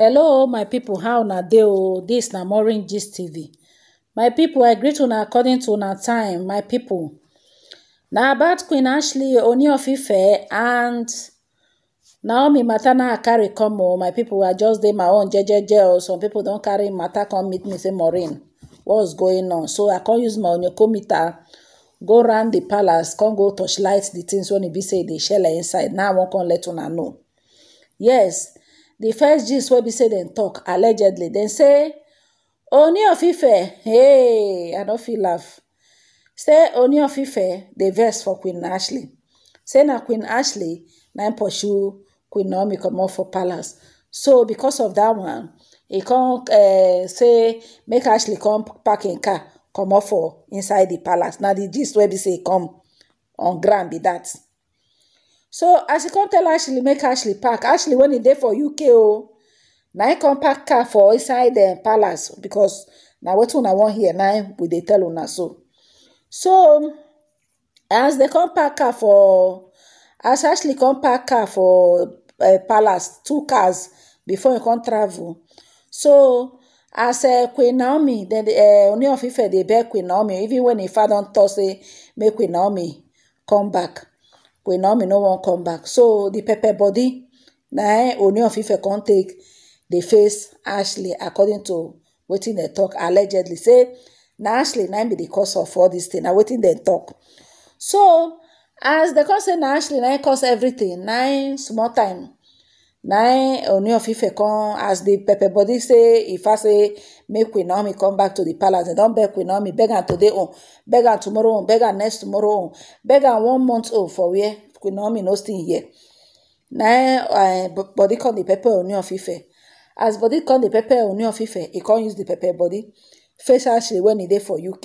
hello my people. how una dey o dis na morning gist tv my people. i greet una according to una time my people. na about queen ashley oni of ife and naomi mata na carry come o my people i just dey my own jejeje o some people don carry matter come meet me say maureen what's going on so i con use my onyokometer go round the palace con go torchlight the things wey e be say e dey shele inside now i wan come let una know yes The first gist wey be say dem tok allegedly dem say oni of ife hey i no fit laugh say oni of ife dey vex for queen ashley say na queen ashley na pursue queen naomi comot for palace so because of dat one e con eh, say make ashley come park im car comot for inside di palace na di gist wey be say e come on ground be dat so as e come tell ashley make ashley pack ashley when e dey for uk o na im come pack car for inside um, palace because na wetin una wan hear na we dey tell una so so as dem come pack car for as ashley come pack car for um, palace two cars before e come travel so as um, queen naomi then oni of ife dey beg queen naomi even when e father don tok say make queen naomi come back queen naomi no wan come back so di pepper body na oni of ife come take dey face ashley according to wetin dem talk, allegedly say na ashley na be di cause of all dis thing. na wetin dem talk. so as dem come say na ashley na cause everything na small time na onion fife come as the pepper body say ifa say make queen naomi come back to the palace dem don't beg queen naomi beg am today own beg am tomorrow own beg am next tomorrow own beg am one month old for where queen naomi no still here na eh, body come di pepper onion fife as body come di pepper onion fife he come use the pepper body face ashley when he dey for uk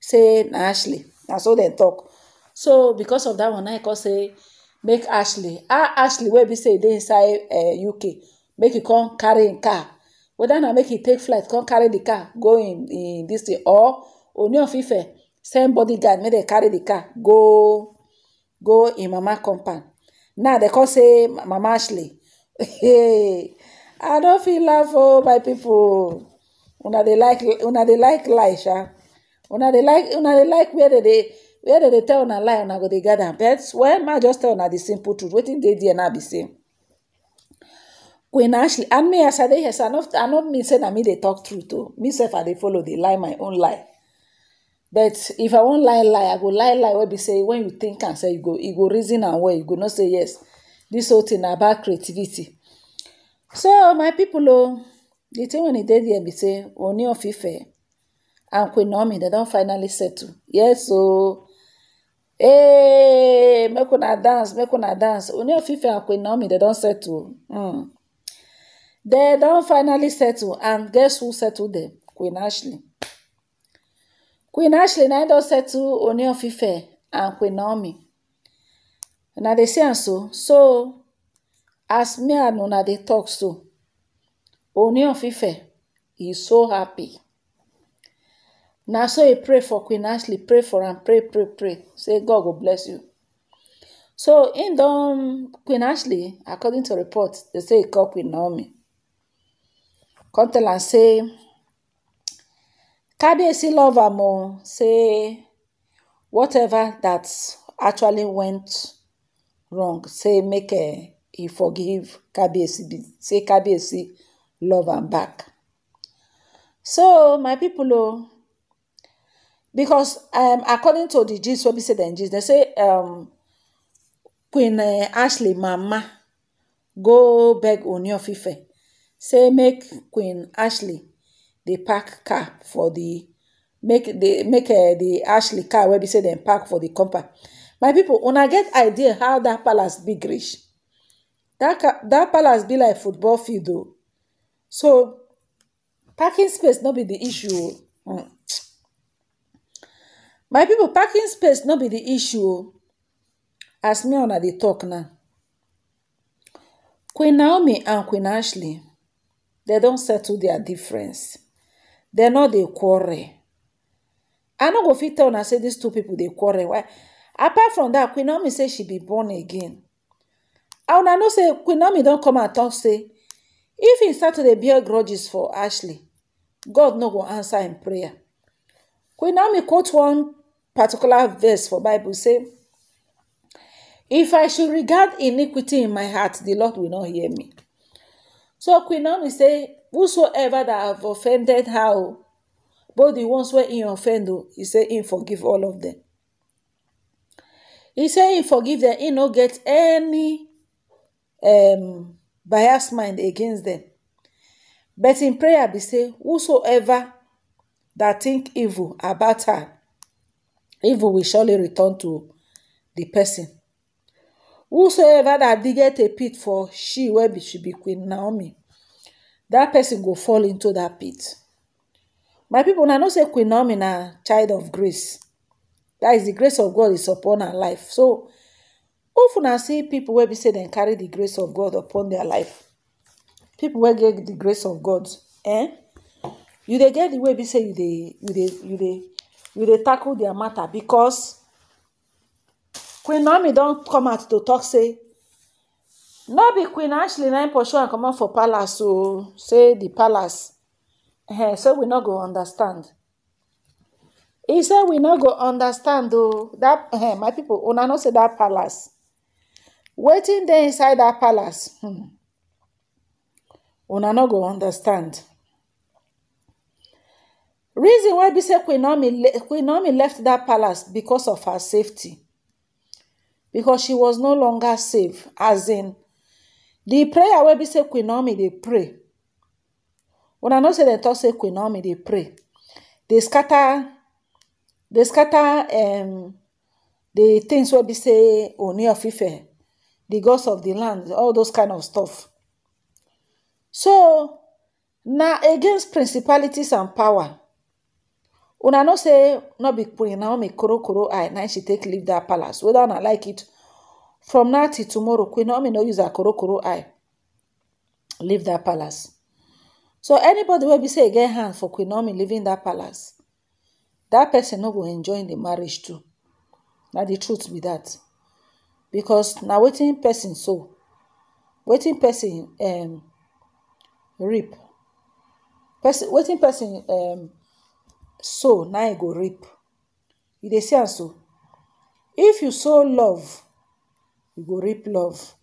say na ashley na so dem talk. so because of that one i come say make ashley Ah ashley wey be say e dey inside eh, uk make e come carry im car whether na make e take flight come carry the car go in in this thing or oni of ife send bodyguard make dem carry the car go go im mama compound now dem come say mama ashley hey i no fit laugh oh my pipo una dey like like sha una dey like where dem dey where they dey tell a lie una go dey guard am but well ma just tell on the simple truth waiting they there now be say queen ashley and me as i dey here so i no me say that me they talk truth to me sef i they follow they lie my own lie but if i wan lie lie i go lie lie wey be say when you think and say you go you go reason and well you go not say yes This whole thing about creativity so my people oh, the thing when e dey there be say Ooni of Ife and Queen Naomi They don't finally settle yes so hey, make una dance make una dance Ooni of Ife and Queen Naomi dem don settle mm. They don't finally settle and guess who settle dem Queen Ashley Queen Ashley na don settle Ooni of Ife and Queen Naomi una dey say so so as me and una dey talk so Ooni of Ife is so happy na so he pray for queen ashley pray for am pray pray pray say god go bless you so im um, don queen ashley according to report dey say he call queen naomi come tell am say kabiyesi love am o say whatever that actually went wrong say make uh, he forgive kabiyesi say kabiyesi love am back so my people o. Oh, because um, according to the gist wey be say dem gist dem say um, queen uh, ashley mama go beg Ooni of Ife say make queen ashley dey park car for the make the make uh, the ashley car wey be say dem park for the compound my people una get idea how that palace big reach that that palace be like football field o oh. so parking space no be the issue o. Oh. Mm. my people, parking space not be the issue oh. as me on dey talk now queen naomi and queen ashley they don't settle their difference They know they quarrel i no go fit on and say these two people they quarrel apart from that, queen naomi say she be born again I una know say queen naomi don't come and talk say if he start to bear grudges for ashley god no go answer in prayer queen naomi quote one particular verse for Bible say, if I should regard iniquity in my heart, the Lord will not hear me. So Queen Naomi say, whosoever that have offended how, oh, both the ones where he offend, oh, he say in forgive all of them. He say forgive them, he no get any um, biased mind against them. But in prayer, be say, whosoever that think evil about her, evil will surely return to the person. Whosoever that diggeth a pit for she where she be Queen Naomi, that person will fall into that pit. My people, na know say Queen Naomi na child of grace. That is the grace of God is upon her life. So, often I see people where we say they carry the grace of God upon their life. People where get the grace of God, eh? You they get the way we say you they you they you they we dey tackle their matter because queen naomi don come out to talk. say no be queen ashley na im pursue am comot for palace o say di palace eh say we no go understand e say we no go understand o that eh my people. una know say that palace wetin dey inside that palace hmm una no go understand reason why be say queen naomi left that palace because of her safety because she was no longer safe as in di prayer where be say queen naomi they pray when i know say they talk say queen naomi pray They scatter they scatter um, the things where be say Ooni of Ife the gods of the land all those kind of stuff so now against principalities and power una know say no be queen naomi korokoro eye na she take leave dat palace weda una like it from now till tomorrow queen naomi no use her korokoro eye leave dat palace. so anybodi wey be say e get hand for queen naomi leaving dat palace dat pesin no go enjoy the marriage too. na di truth be dat. because na wetin pesin so wetin pesin um, rip pesin wetin pesin um, So na im you go reap you dey see am so if you sow love you go reap love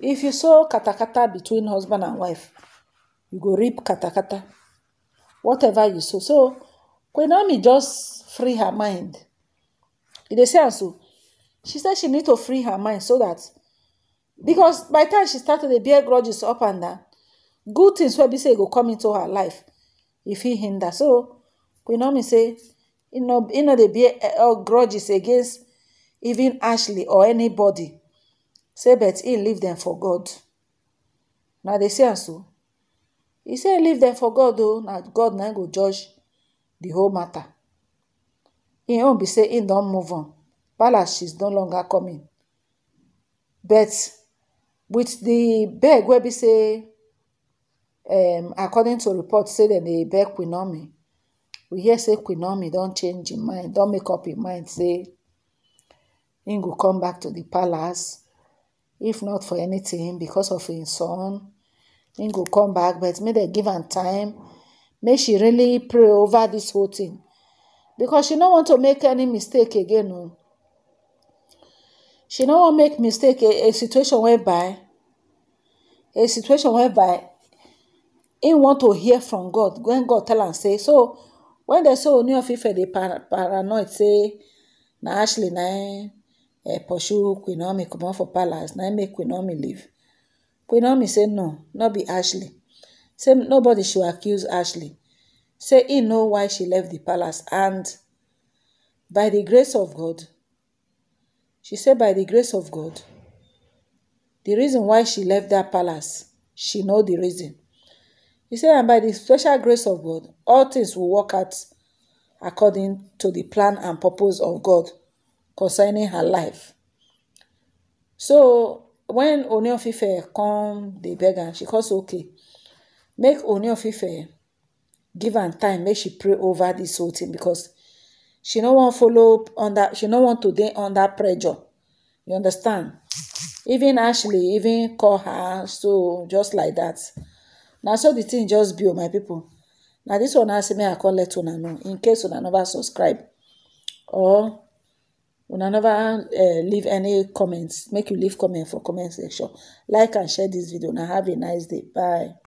if you sow katakata between husband and wife you go reap katakata whatever you sow so Queen just free her mind you dey see am so she say she need to free her mind so that because by the time she start to dey bear grudges up and down good things wey be say go come into her life e fit hinder so queen naomi say e they be all eh, eh, oh, grudges against even ashley or anybody say but he leave them for god Now they say so He say leave them for god though. Now god na go judge the whole matter He won't be say im don move on palace is no longer coming but with the beg wey be say um, according to report say that dey beg queen naomi we hear say queen don't change your mind don't make up your mind say im come back to the palace if not for anything, because of his son im come back but may they give him time May she really pray over this whole thing, because she don't want to make any mistake again o oh. she don't want make mistake a situation whereby a situation whereby Ain't want to hear from god when god tell and say so wen dem so oniofefe dey paranoid say na ashley na im eh, pursue queen omi comot for palace na im make queen omi leave queen omi say no no be ashley say nobody should accuse ashley say e know why she left di palace and by di grace of god she say by di grace of god di reason why she left dat palace she know the reason. He said, and by the special grace of God, all things will work out according to the plan and purpose of God concerning her life. So when Ooni of come the beggar she come okay, make Ooni of give am time make she pray over this whole thing because she no want follow under she no want to dey under pressure you understand even ashley even call her so just like that na so di tin just be o oh, my pipo na dis say sey i ako let una know in case una nova subscribe or una nova eh, leave any comments make you leave comment for comment section like and share dis video na have a nice day bye.